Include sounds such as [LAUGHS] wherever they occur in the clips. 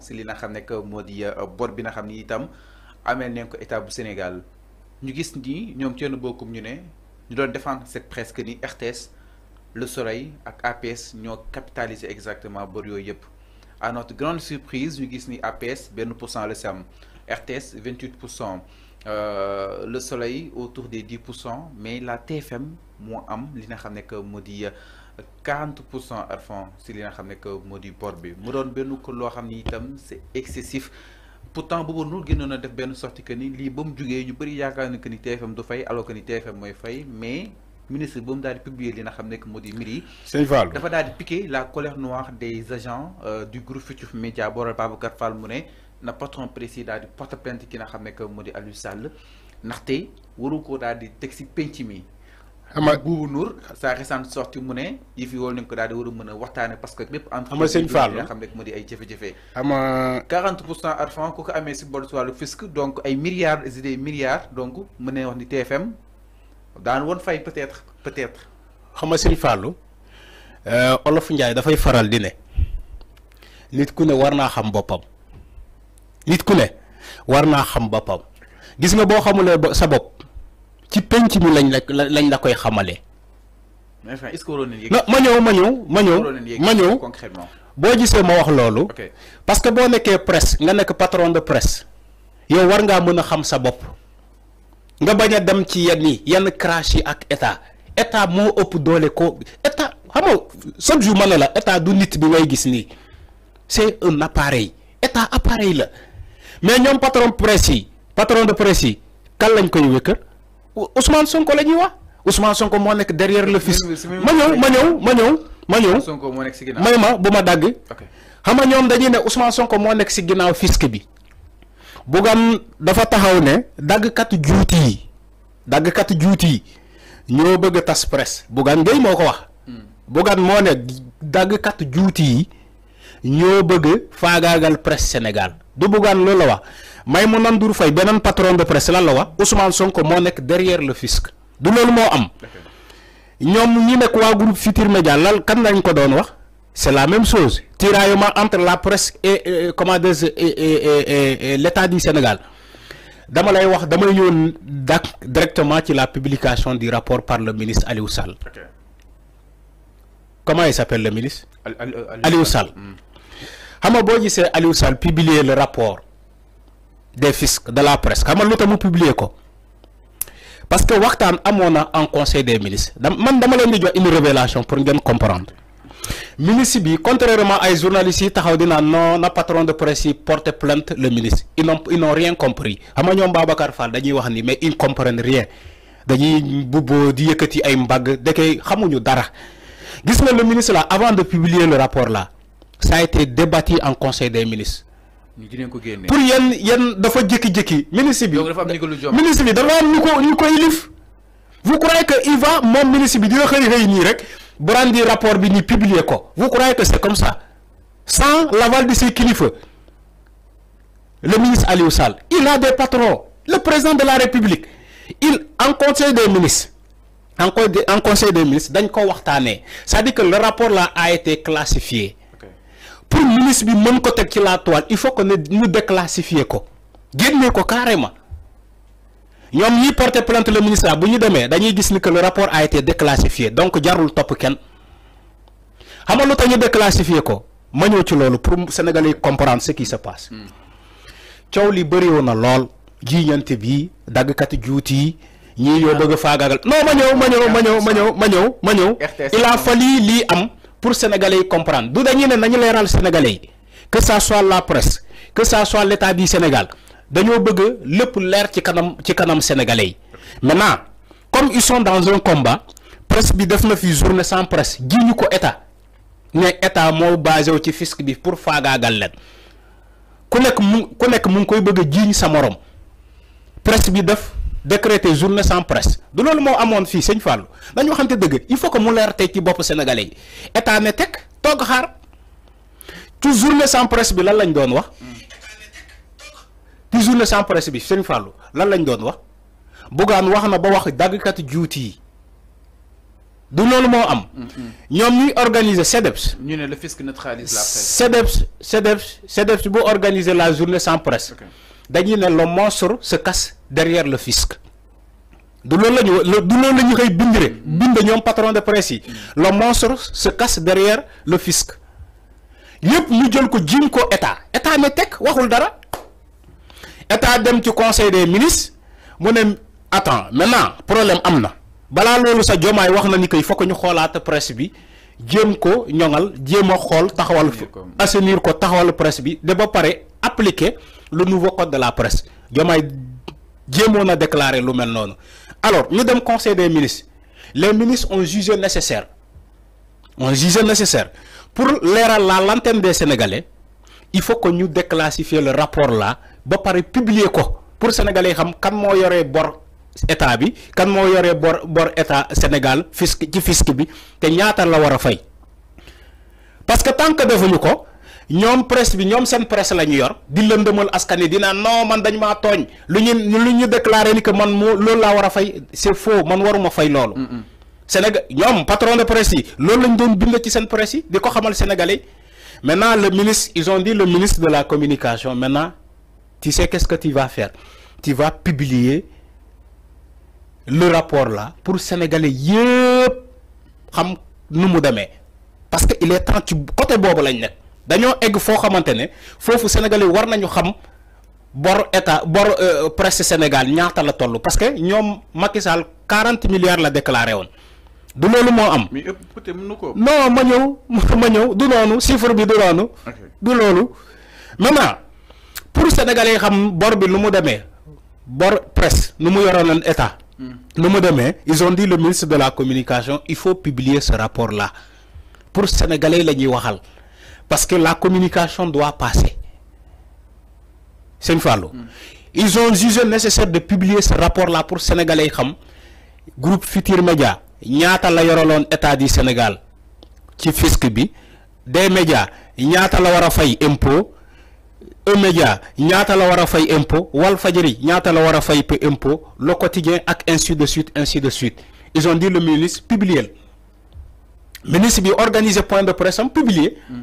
C'est ce que nous a dit que euh, bor bi nga xam itam ko Sénégal ñu gis ni ñoom nous bokkum ñu ñu défendre cette presse que ni RTS Le Soleil et APS ñoo capitalisé exactement bor nous. A à notre grande surprise ñu gis ni APS bien pour cent RTS 28 euh, Le Soleil autour des 10 mais la TFM moo am li nga xam 40 pour cent arfan si li nga xam que moo di bi mu doon benn ko lo xamni ni itam c'est excessif pourtant boobu nul gënoon def benn sortie que ni li bam mu ñu bari yaakaar na que ni TFM du fay alors que ni TFM moy fay mais ministre ba mu daal di publier li nga xam ne que moo di mbir dafa daal di piquer la colère noire des agents euh, du groupe Futurs Médias boral Babacar Fall mu ne na patron précis daal di porte plainte ki nga xam ne que moo di Aliou Sall ndaxte waru ko daal di teg si penc mi ama Boubou Nour sa récente sortie mu ne yi fi wol nañ ko daal di war a mën a waxtaane parce que lépp entre sëñ Fall xam ne mu di ay jafe-jafe cent argent ku amee si bol si wàllu fisc donc ay milliards et donc mën ne wax ni TFM daan woon fay peut-être peut xam nga sëñ Fallu euh, Olof Njaay dafay faral di ne nit ku ne war naa xam boppam nit ku ne war naa xam boppam gis nga boo xamulee sa bopp ci penc mi lañ la lañ la koy xamale ma est-ce que waroon nañ ma ñëw ma ñëw ma ñëw ma ñëw boo gisee ma wax loolu. parce que boo nekkee presse nga nekk patron de presse yow war ngaa mën a xam sa bopp nga bañ a dem ci yenn yi yenn crash yi ak état état moo ëpp doole ko état xam nga jour ma ne la état du nit bi ngay gis nii c'est un appareil état appareil la mais ñoom patron presse yi patron de presse yi kan lañ koy wékkër Ousmane Sonko lañuy wax Ousmane Sonko mo nek derrière le fils ma ñew ma ñew ma ñew ma mo nek ci ginaaw ma buma dag xama ñom dañuy ne Ousmane Sonko nek ci ginaaw fils ke bi Bougane dafa taxaw ne kat juuti dag kat juuti yi ñoo bëgg tas presse Bougane Gueye moo ko wax mo hmm. nek dag kat juuti yi ñoo bëgg faagaagal presse Sénégal du bugan loolu la wax Maïmouna nandour fay un patron de presse lan la wax Ousmane Sonko mo nek derrière le fisc du loolu mo am ñom ñi nek wa groupe futur Médias lan kan lañ ko doon wax c'est la même chose tiraillement entre la presse et comment dire et l'état du Sénégal dama lay wax dama directement ci la publication du rapport par le ministre Aliou Sall comment il s'appelle le ministre Aliou Sall hmm xam nga Aliou publier le rapport des fiscs de la presse Comment nga publier parce que waxtaan Amona en conseil des ministres Je vais vous donner une révélation pour ngeen comprendre ministre contrairement contrairement les journalistes taxaw non patron de presse plainte le ministre ils n'ont ils n'ont rien compris rien. ne Fall mais ils comprennent rien Ils ne di rien. ay ne da rien. xamuñu dara le ministre avant de publier le rapport là ça a été débattu en conseil des ministres. pour Yen yenn dafa jékki Jeki, ministre bi ministre bi dafa am ñu ko yilif vous croyez que il va mon ministre bi dina xëy xëy rek brandi rapport bi ni publier ko vous croyez que c'est comme ça sans l'aval de ses kilifa le ministre Aliou Sall il a des patrons le président de la République il en conseil des ministres en conseil des ministres dañ ko waxtané Ça dit que le rapport là a été classifié pour ministre bi la toile il faut que nous déclassifier ko nous ko carrément Nous avons porté plainte le ministre bu nous avons que le rapport a été déclassifié donc jarul déclassifier ko pour Sénégalais comprendre ce qui se passe nous hmm. Bari, ah. a non il a fallu li am pour sénégalais yi comprendre du dañuy ne nañu leeral sénégalais yi que ça soit la presse que ça soit l' état Sénégal dañoo bëgg lépp leer ci kanam ci kanam sénégalais yi maintenant comme ils sont dans un combat presse bi def na fi journée sans presse ji ko état ne état moo basé wu ci fisc bi pour faagaagal leen ku nekk mu ku nekk mu ngi koy bëgg a jiiñ sa morom presse bi def. décréter journée sans presse du mon fils, c'est fii sëñ fallu dañu il faut que mon l'air sénégalais état étec, xaar journée sans presse bi lan lañ doon wax journée sans presse bi lan lañ doon wax wax na ba wax du am. le fisc neutralise la presse. organiser la journée sans presse dañuy ne le monstre se casse derrière le fisc du loolu la du loolu la ñu patron de presse yi le monstre se casse derrière le fisc Yep, ñu jël ko jiñ ko état état ne tek waxul dara état dem ci conseil des ministres mu attends maintenant problème amna bala balaa sa jomay wax na ni kay foko ñu xolaat presse bi jéem ko ñoŋal jéem xol taxawal assainir ko taxawal presse bi de ba paré appliquer le nouveau code de la presse Jomay jéemoon a déclarer le même nom alors nous dem conseil des ministres les ministres ont jugé nécessaire ont jugé nécessaire pour à la l'antenne des sénégalais il faut que nous déclassifier le rapport là ba pare publier quoi pour sénégalais xam kan y aurait bord état bi kan y aurait bor bor état Sénégal fisc ci fisc bi te ñaata la parce que tant que devenu quoi ñom presse bi ñom sen presse la yor di lëndëmal askan dina non man dañ ma togn lu ñu lu ñu déclaré ni que man moo lool la wara fay c'est faux man waruma fay loolu. Mm, mm. Sénégal ñom patron de presse yi loolu lañ doon bind ci sen presse yi di ko xamal sénégalais maintenant le ministre ils ont dit le ministre de la communication maintenant tu sais qu'est-ce que tu vas faire tu vas publier le rapport là pour sénégalais yépp xam nu mu démé parce que il est temps ci côté bobu lañ nekk dañoo egg foo xamante ne foofu sénégalais war nañu xam bor état bor euh, presse Sénégal ñaata la toll parce que ñoom Macky 40 milliards la déclaré woon du loolu moo am. non ma ñëw [LAUGHS] ma ñëw du noonu chiffre bi du noonu. du loolu maintenant pour sénégalais xam bor bi nu mu demee bor presse nu mu yoroon état. Hmm. nu mu demee ils ont dit le ministre de la communication il faut publier ce rapport là pour sénégalais la ñuy waxal. Parce que la communication doit passer. C'est une fois Ils ont jugé nécessaire de publier ce rapport-là pour Sénégalais. Groupe Futur Média, ñaata la Yorolon, état du Sénégal qui fisc bi des médias ñaata la war fay impôt E-Média ñaata la war a fay impôt la war impôt Le Quotidien ak ainsi de suite ainsi de suite ils ont dit le ministre publier ministre a organisé point de presse publiez. publier mm.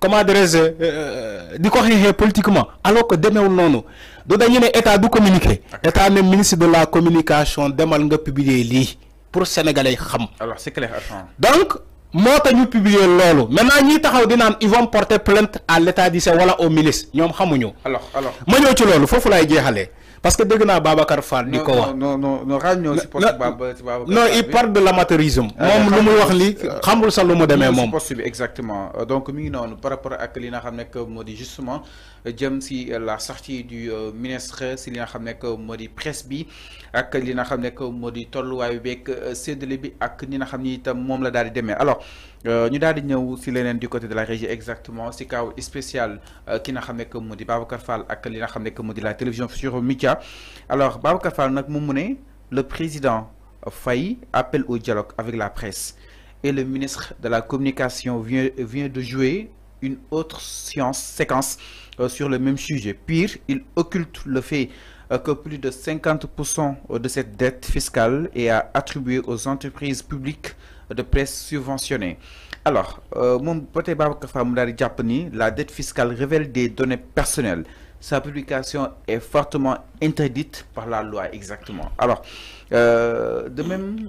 comment dirais-je euh, euh, di corriger politiquement alors que nous, nous, nous. état communiquer ministre de la communication nous, nga publier pour sénégalais alors c'est clair. donc maintenant ils vont porter plainte à l'état au aux milices ont xamuñu. alors alors ma faut ci loolu parce que dès que Babacar Fall. non non non il parle de l'amateurisme. Euh, lu muy wax li euh, exactement euh, donc par rapport à li justement jëm la sortie du euh, ministre si li nga xam modi moo presse bi ak li nga xam nekk moo di tolluwaayu beeg euh, séddale bi ak ni nga xamni tam mom la daal di alors nous euh, allons di ñëw si du côté de la région exactement si kaw spécial qui nga xam nekk moo Babacar Fall ak li nga xam nekk la télévision sur Mika. alors Babacar Fall nak mu mune le président Faye appelle au dialogue avec la presse et le ministre de la communication vient vient de jouer une autre science, séquence euh, sur le même sujet. Pire, il occulte le fait euh, que plus de 50% euh, de cette dette fiscale est attribuée aux entreprises publiques de presse subventionnées. Alors, mon pote la dette fiscale révèle des données personnelles. Sa publication est fortement interdite par la loi, exactement. Alors, de même,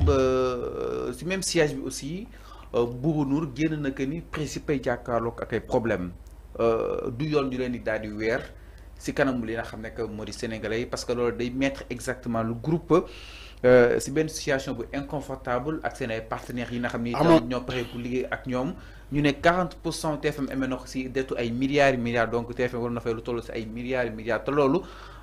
du même siège aussi, Euh, Buuba Nuur génn na que ni principay jàkkaarloog ak ay problème euh, du yoon ñu leen di daal di weer si kanamu li nga xam ne que moo di sénégalais yi parce que loolu day mettre exactement lu groupe euh, si benn situation bu inconfortable ak seen ay partenaires yi na xam ni. amoon ñoo pare pour liggéey ak ñoom. ñu ne 40 pour cent TFM amee na ko si dettu ay milliards milliards donc TFM war na fay lu toll si ay milliards milliards te loolu.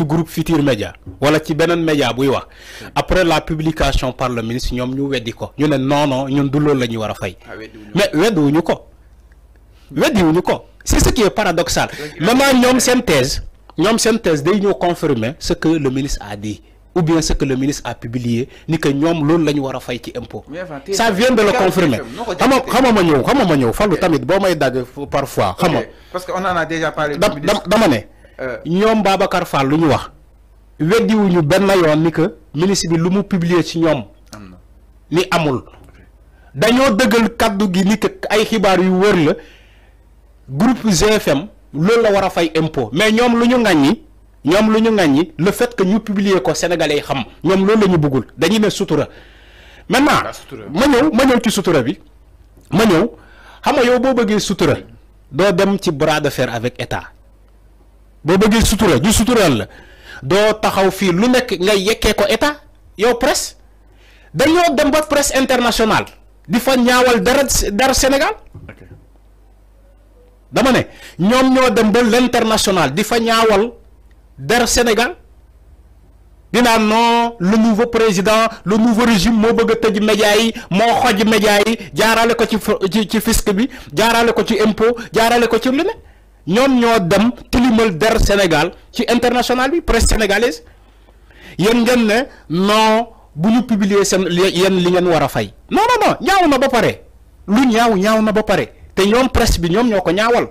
ci groupe Futur Média wala ci benen média buy wax après la publication par le ministre ñom ñu weddi ko ñu non non ñun du loolu la ñuy fay ah, mais weddiwuñu ko le ko c'est ce qui est paradoxal Même ñom seen thèse ñom des thèse day ñu confirmer ce que le ministre a dit ou bien ce que le ministre a publié ni que ñom lool la wara fay ci impôt ça vient de le confirmer xam nga xam ma fallu tamit bo may maïda parfois xam parce qu'on on en a déjà parlé dama né Euh, ñoom Babacar Fall lu ñu wax weddiwuñu benn yoon ni que ministre bi lu mu piblier ci ñoom li amul dañoo dëggal kàddu gi ni que ay xibaar yu wër la groupe GFM loolu la war a fay impôt mais ñoom lu ñu ŋàññi ñoom lu ñu ŋàññi le fait que ñu publier ko sénégalais yi xam ñoom loolu la ñu bëggul dañuy ne sutura maintenant ma ñëw ma ñëw ci sutura bi ma ñëw xam nga yow boo bëggee sutura doo dem ci bras de fer avec état boo bëggee sutura ñu suturaal la doo taxaw fii lu nekk nga yekkee ko état yow presse dañoo dem ba presse international di fa ñaawal dara dara Sénégal dama ne ñoom ñoo dem ba l'international di fa ñaawal dara Sénégal di naan non le nouveau président le nouveau régime moo bëgg a tëj média yi moo xoj média yi jaarale ko ci ci fisc bi jaarale ko ci impôt jaarale ko ci lu ne ñoom ñoo dem tilimal der Sénégal ci international bi presse sénégalaise yéen ngeen ne non bu ñu publier seen yéen li ngeen war a fay non non non ñaaw na ba pare lu ñaaw ñaaw na ba pare te ñoom presse bi ñoom ñoo ko ñaawal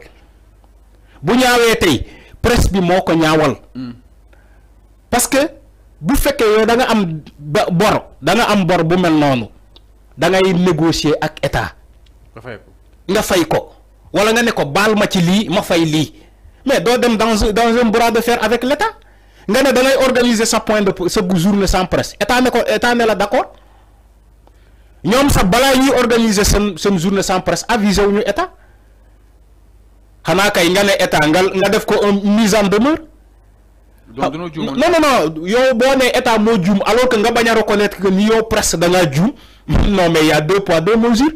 bu ñaawee tey presse bi moo ko ñaawal hmm. parce que bu fekkee yow da nga am bor da nga am bor bu mel noonu da ngay négocier ak état nga fay ko. wala nga ne ko baal ma ci ma fay mais doo dem dans dans un bras de fer avec l'état état nga ne da organiser sa point de ce journée sans presse état ne ko état ne la d' accord ñoom sax balaa organiser seen seen journée sans presse Avisé à ñu état xanaa kay nga ne état nga nga def ko une mise en demeure. Ah, non non non y'a boo bon état moo alors que nga bañ reconnaître que ni presse da la [LAUGHS] non mais il y' a deux poids deux mesures.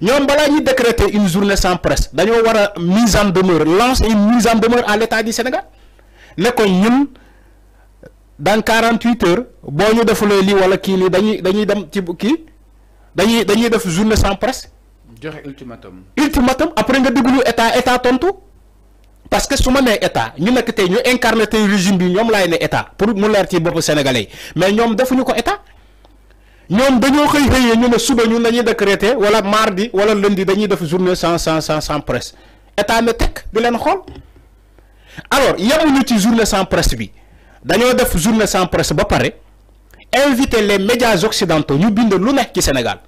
Nous avons décrété une journée sans presse Nous avons mise en demeure lance une mise en demeure à l'état du Sénégal ne dans 48 heures bonjour de defulee ou wala qui lii dañuy dañuy dem ci kii dañuy dañuy def journée sans presse. joxe ultimatum. ultimatum après nga déglu état état tontu parce que su ma nee état ñu nekk tey ñu incarné le régime bi ñoom l'État état pour mu leer ci sénégalais mais avons fait ko état ñom dañoo xëy xëyee ñu ne suba ñu dañuy décréter wala mardi wala lundi dañuy def journée sans sans sans sans presse état ne teg di len xol alors yamu ñu ci journée sans presse bi dañoo def journée sans presse ba paré inviter les médias occidentaux ñu bind lu nekk ci Sénégal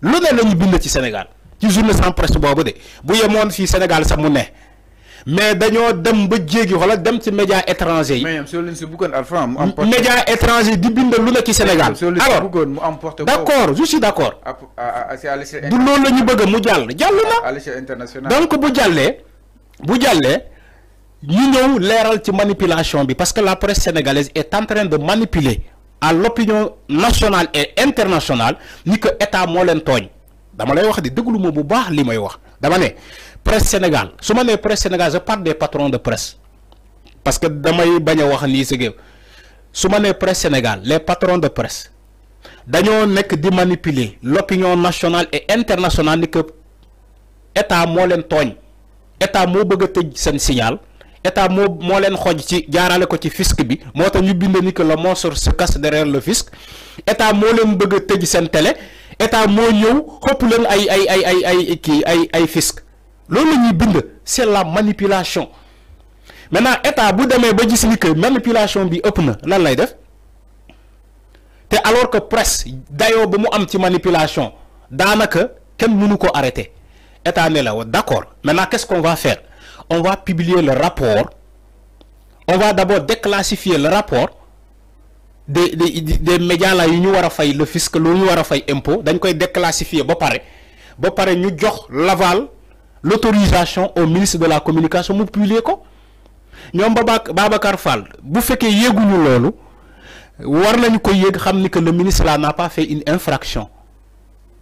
lu ne lañu bind ci Sénégal ci journée sans presse boobu dé bu yémon fii Sénégal sax mu né mais d'ailleurs dem ba jéegi wala dem ci média étranger yi. mais média étranger di bind lu nekk ci Sénégal. alors d' je suis d'accord accord. du loolu bëgg mu jàll jàll na. à donc bu jàllee bu jàllee ñu ñëw leeral ci manipulation bi parce que la presse sénégalaise est en train de manipuler à l'opinion nationale et internationale ni que état moo leen tooñ dama lay wax di déglu ma bu baax li may wax dama ne presse Sénégal su ma presse Sénégal je parle des patrons de presse parce que Damaï bañ a wax que, si géew su presse Sénégal les patrons de presse d'ailleurs nekk di manipuler l'opinion nationale et internationale ni que état moo leen tooñ état moo bëgg a tëj signal état moo moo leen xoj ci jaarale ko ci fisc bi ñu ni que le monstre se cache derrière le fisc état moo leen bëgg télé état à mon xëpp leen ay ay ay ay ay fisc loolu la ñuy c'est la manipulation maintenant état bu de ba gis c'est que manipulation bi ëpp na lan lay def alors que presse d'ailleurs, ba mu am ci manipulation daanaka kenn nous ko arrêter état à la d'accord maintenant qu'est-ce qu'on va faire on va publier le rapport on va d'abord déclassifier le rapport des des médias la yu ñu fait fay le fisc lu ñu war fait fay impôt dañ koy déclassifier ba pare ba pare ñu jox l'aval l'autorisation au ministre de la communication mu publier ko on Baba Babacar Fall bu fekkee yéeguñu loolu war nañu ko que xam ni que le ministre là n'a pas fait une infraction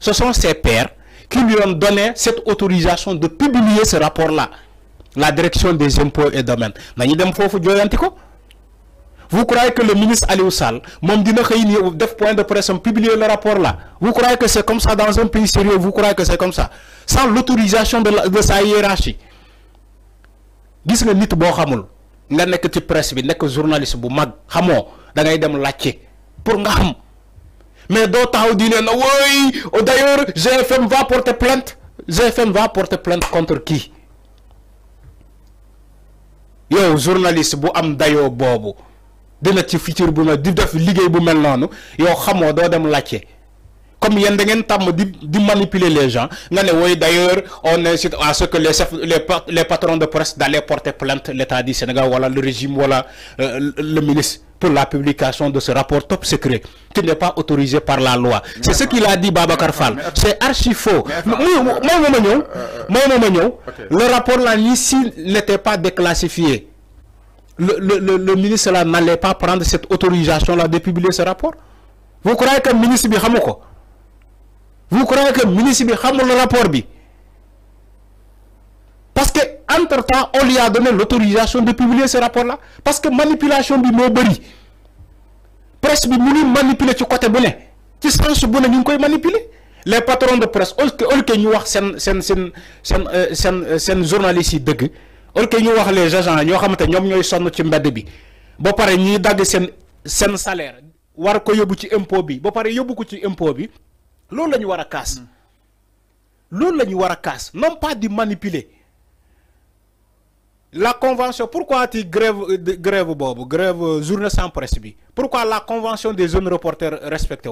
ce sont ses pères qui lui ont donné cette autorisation de publier ce rapport là la direction des impôts et domaines nañu dem foofu jooyanti ko vous croyez que le ministre Aliou Sall moom dina deux points def point de presse publier le rapport là vous croyez que c'est comme ça dans un pays sérieux vous croyez que c'est comme ça sans l'autorisation de la de sa hiérarchie gis nga nit bo xamul nga Vous ci presse bi nek journaliste bu mag xamo da ngay dem laccé pour nga xam mais d'autres ont di ne na wooy oh, d'ailleurs GFM va porter plainte GFM va porter plainte contre qui yow journaliste bu am dayo bobu de ci futur bu mel di def liggéey bu mel noonu yow xamoo dem comme yéen da ngeen tàmm di manipuler les gens nga ne d'ailleurs on incite à ce que les chefs les les patrons de presse d'aller porter plainte l'État du Sénégal wala le régime wala euh, le ministre pour la publication de ce rapport top secret qui n'est pas autorisé par la loi c'est ce qu'il a dit Babacar Fall c'est archi faux mooy mooma ñëw mooy mooma ñëw le rapport là ici n'était pas déclassifié le, le, le, ministre là n'allait pas prendre cette autorisation là de publier ce rapport vous croyez que le ministre bi vous croyez que le ministre bi le rapport bi parce que entre temps on lui a donné l'autorisation de publier ce rapport là parce que manipulation bi moo La presse bi mu manipuler ci côté bu ne ci sens bu les patrons de presse au lieu que ñu wax sen euh, euh, journalistes yi orkay ñu wax les agents ñoo salaire war ko ci impôt bi pare la non pas manipuler la convention pourquoi ti grève grève boobu grève journée sans presse pourquoi la convention des jeunes reporters respecté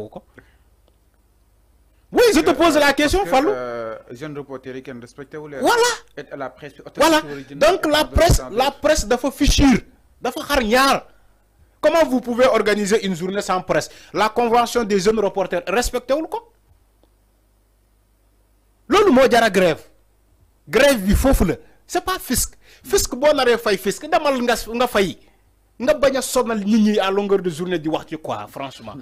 oui, je te pose la question, Fallou. Euh, jeunes respectez-vous les... Voilà. la presse, voilà. Donc la presse, la presse doit fichir, Comment vous pouvez organiser une journée sans presse La convention des jeunes reporters, respectez-vous quoi mo la grève. Grève il faut Ce C'est pas fisc. Fisc bo a fay fisc nga à longueur de journée du wax quoi franchement.